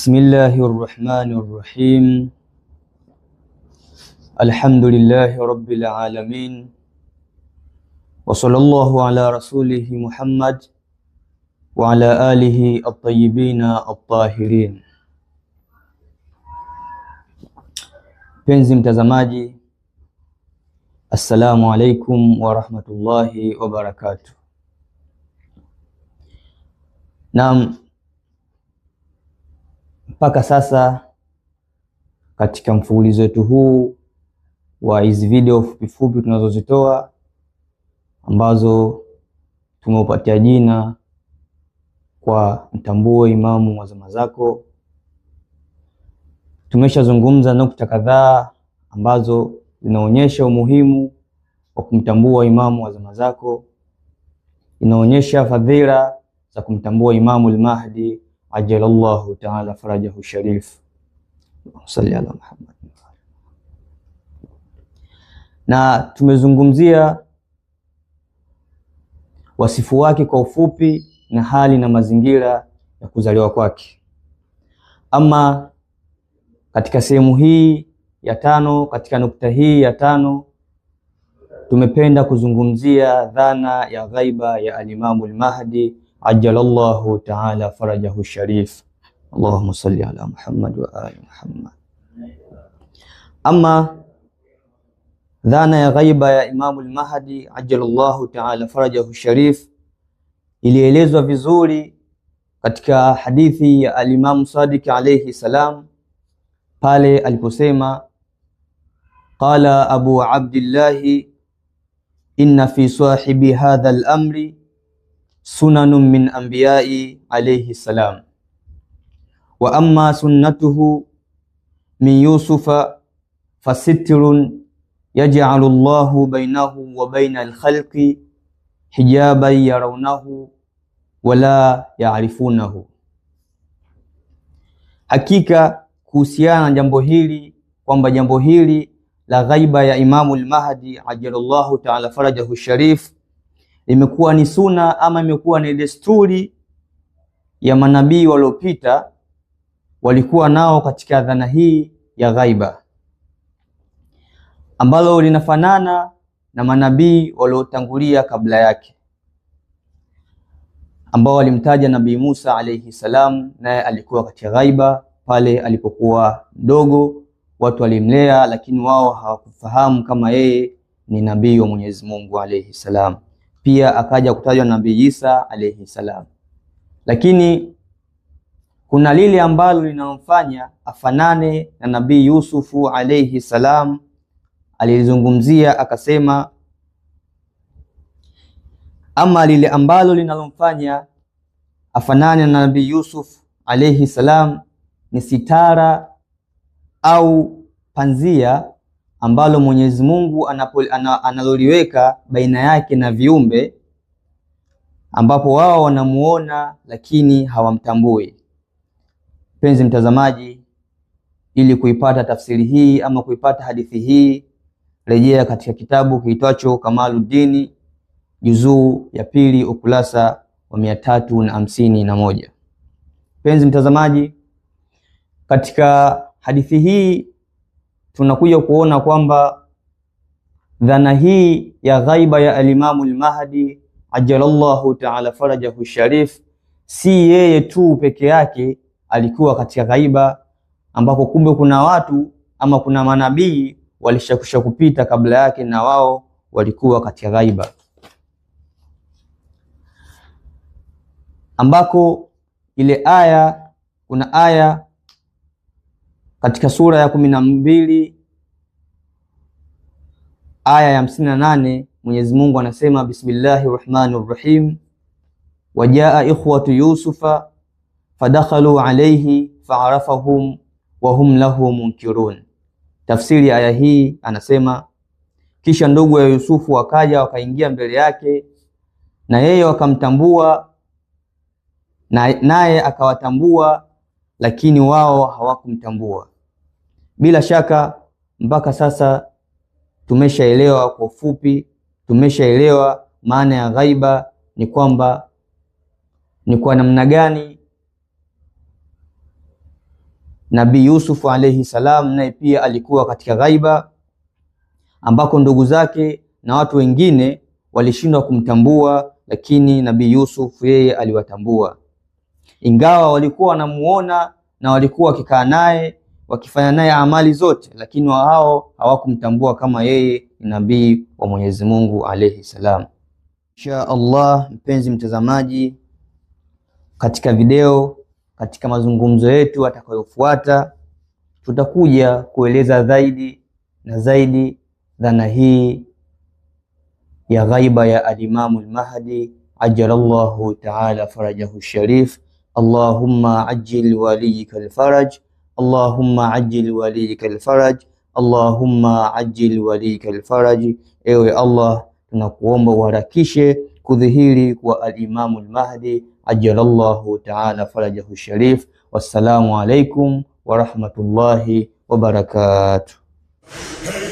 بسم الله الرحمن الرحيم الحمد لله رب العالمين وصلى الله على رسوله محمد وعلى آله الطيبين الطاهرين تزماجي السلام عليكم alaikum الله وبركاته نعم Mpaka sasa katika mfululizo wetu huu wa hizi video fupifupi tunazozitoa ambazo tumeupatia jina kwa mtambuo imamu wa zama zako, tumeshazungumza nukta kadhaa ambazo zinaonyesha umuhimu wa kumtambua imamu wa zama zako, inaonyesha fadhila za kumtambua Imamu al-Mahdi ajalallahu taala farajahu sharif salli ala Muhammad. Na tumezungumzia wasifu wake kwa ufupi na hali na mazingira ya kuzaliwa kwake. Ama katika sehemu hii ya tano, katika nukta hii ya tano tumependa kuzungumzia dhana ya ghaiba ya Alimamu Almahdi ajalallahu taala farajahu sharif Allahumma salli ala Muhammad wa ali Muhammad. Ama dhana ya ghaiba ya Imamul Mahdi ajalallahu taala farajahu sharif ilielezwa vizuri katika hadithi ya alimamu Sadiq alayhi salam pale aliposema qala abu abdillahi inna fi sahibi hadha al-amri sunanun min anbiyai alayhi salam wa amma sunnatuhu min yusufa fasitrun yaj'alu Allahu bainahu wa bainal khalqi hijaban yarawnahu wala yaarifunahu, hakika kuhusiana na jambo hili kwamba jambo hili la ghaiba ya Imamu al-Mahdi ajalallahu ta'ala farajahu sharif imekuwa ni suna ama imekuwa ni desturi ya manabii waliopita, walikuwa nao katika dhana hii ya ghaiba, ambalo linafanana na manabii waliotangulia kabla yake, ambao walimtaja Nabii Musa alaihi salam, naye alikuwa katika ghaiba pale alipokuwa mdogo, watu walimlea, lakini wao hawakufahamu kama yeye ni nabii wa Mwenyezi Mungu alayhi salam pia akaja kutajwa Nabii Isa alayhi salam, lakini kuna lile ambalo linamfanya afanane na Nabii Yusufu alayhi salam. Alilizungumzia akasema, ama lile ambalo linalomfanya afanane na Nabii Yusuf alayhi salam ni sitara au panzia ambalo Mwenyezi Mungu analoliweka baina yake na viumbe, ambapo wao wanamuona lakini hawamtambui. Mpenzi mtazamaji, ili kuipata tafsiri hii ama kuipata hadithi hii, rejea katika kitabu kiitwacho Kamaluddin juzuu ya pili ukurasa wa mia tatu na hamsini na moja. Mpenzi mtazamaji, katika hadithi hii tunakuja kuona kwamba dhana hii ya ghaiba ya alimamu al-Mahdi ajalallahu taala farajahu sharif, si yeye tu peke yake alikuwa katika ghaiba, ambako kumbe kuna watu ama kuna manabii walishakusha kupita kabla yake, na wao walikuwa katika ghaiba, ambako ile aya kuna aya katika sura ya kumi na mbili aya ya hamsini na nane Mwenyezi Mungu anasema bismillahi rahmani rahim, wajaa ikhwatu yusufa fadakhalu alayhi faarafahum wahum lahu munkirun. Tafsiri ya aya hii anasema, kisha ndugu ya Yusufu wakaja wakaingia mbele yake na yeye wakamtambua, naye akawatambua lakini wao hawakumtambua. Bila shaka mpaka sasa tumeshaelewa kwa ufupi, tumeshaelewa maana ya ghaiba ni kwamba ni kwa namna gani Nabii yusuf alaihi salam naye pia alikuwa katika ghaiba, ambako ndugu zake na watu wengine walishindwa kumtambua, lakini Nabii Yusuf yeye aliwatambua ingawa walikuwa wanamuona na walikuwa wakikaa naye wakifanya naye amali zote, lakini wao hawakumtambua kama yeye ni nabii wa Mwenyezi Mungu alayhi salam. Insha Allah, mpenzi mtazamaji, katika video, katika mazungumzo yetu atakayofuata, tutakuja kueleza zaidi na zaidi dhana hii ya ghaiba ya Alimamu al-Mahdi ajalallahu taala farajahu sharif. اللهم عجل وليك الفرج اللهم عجل وليك الفرج Allahumma ajil walikal faraji, ewe Allah tunakuomba uharakishe kudhihiri kwa al-Imamu al-Mahdi ajalallahu ta'ala farajahu sharif. Wassalamu alaikum warahmatullahi wabarakatuh.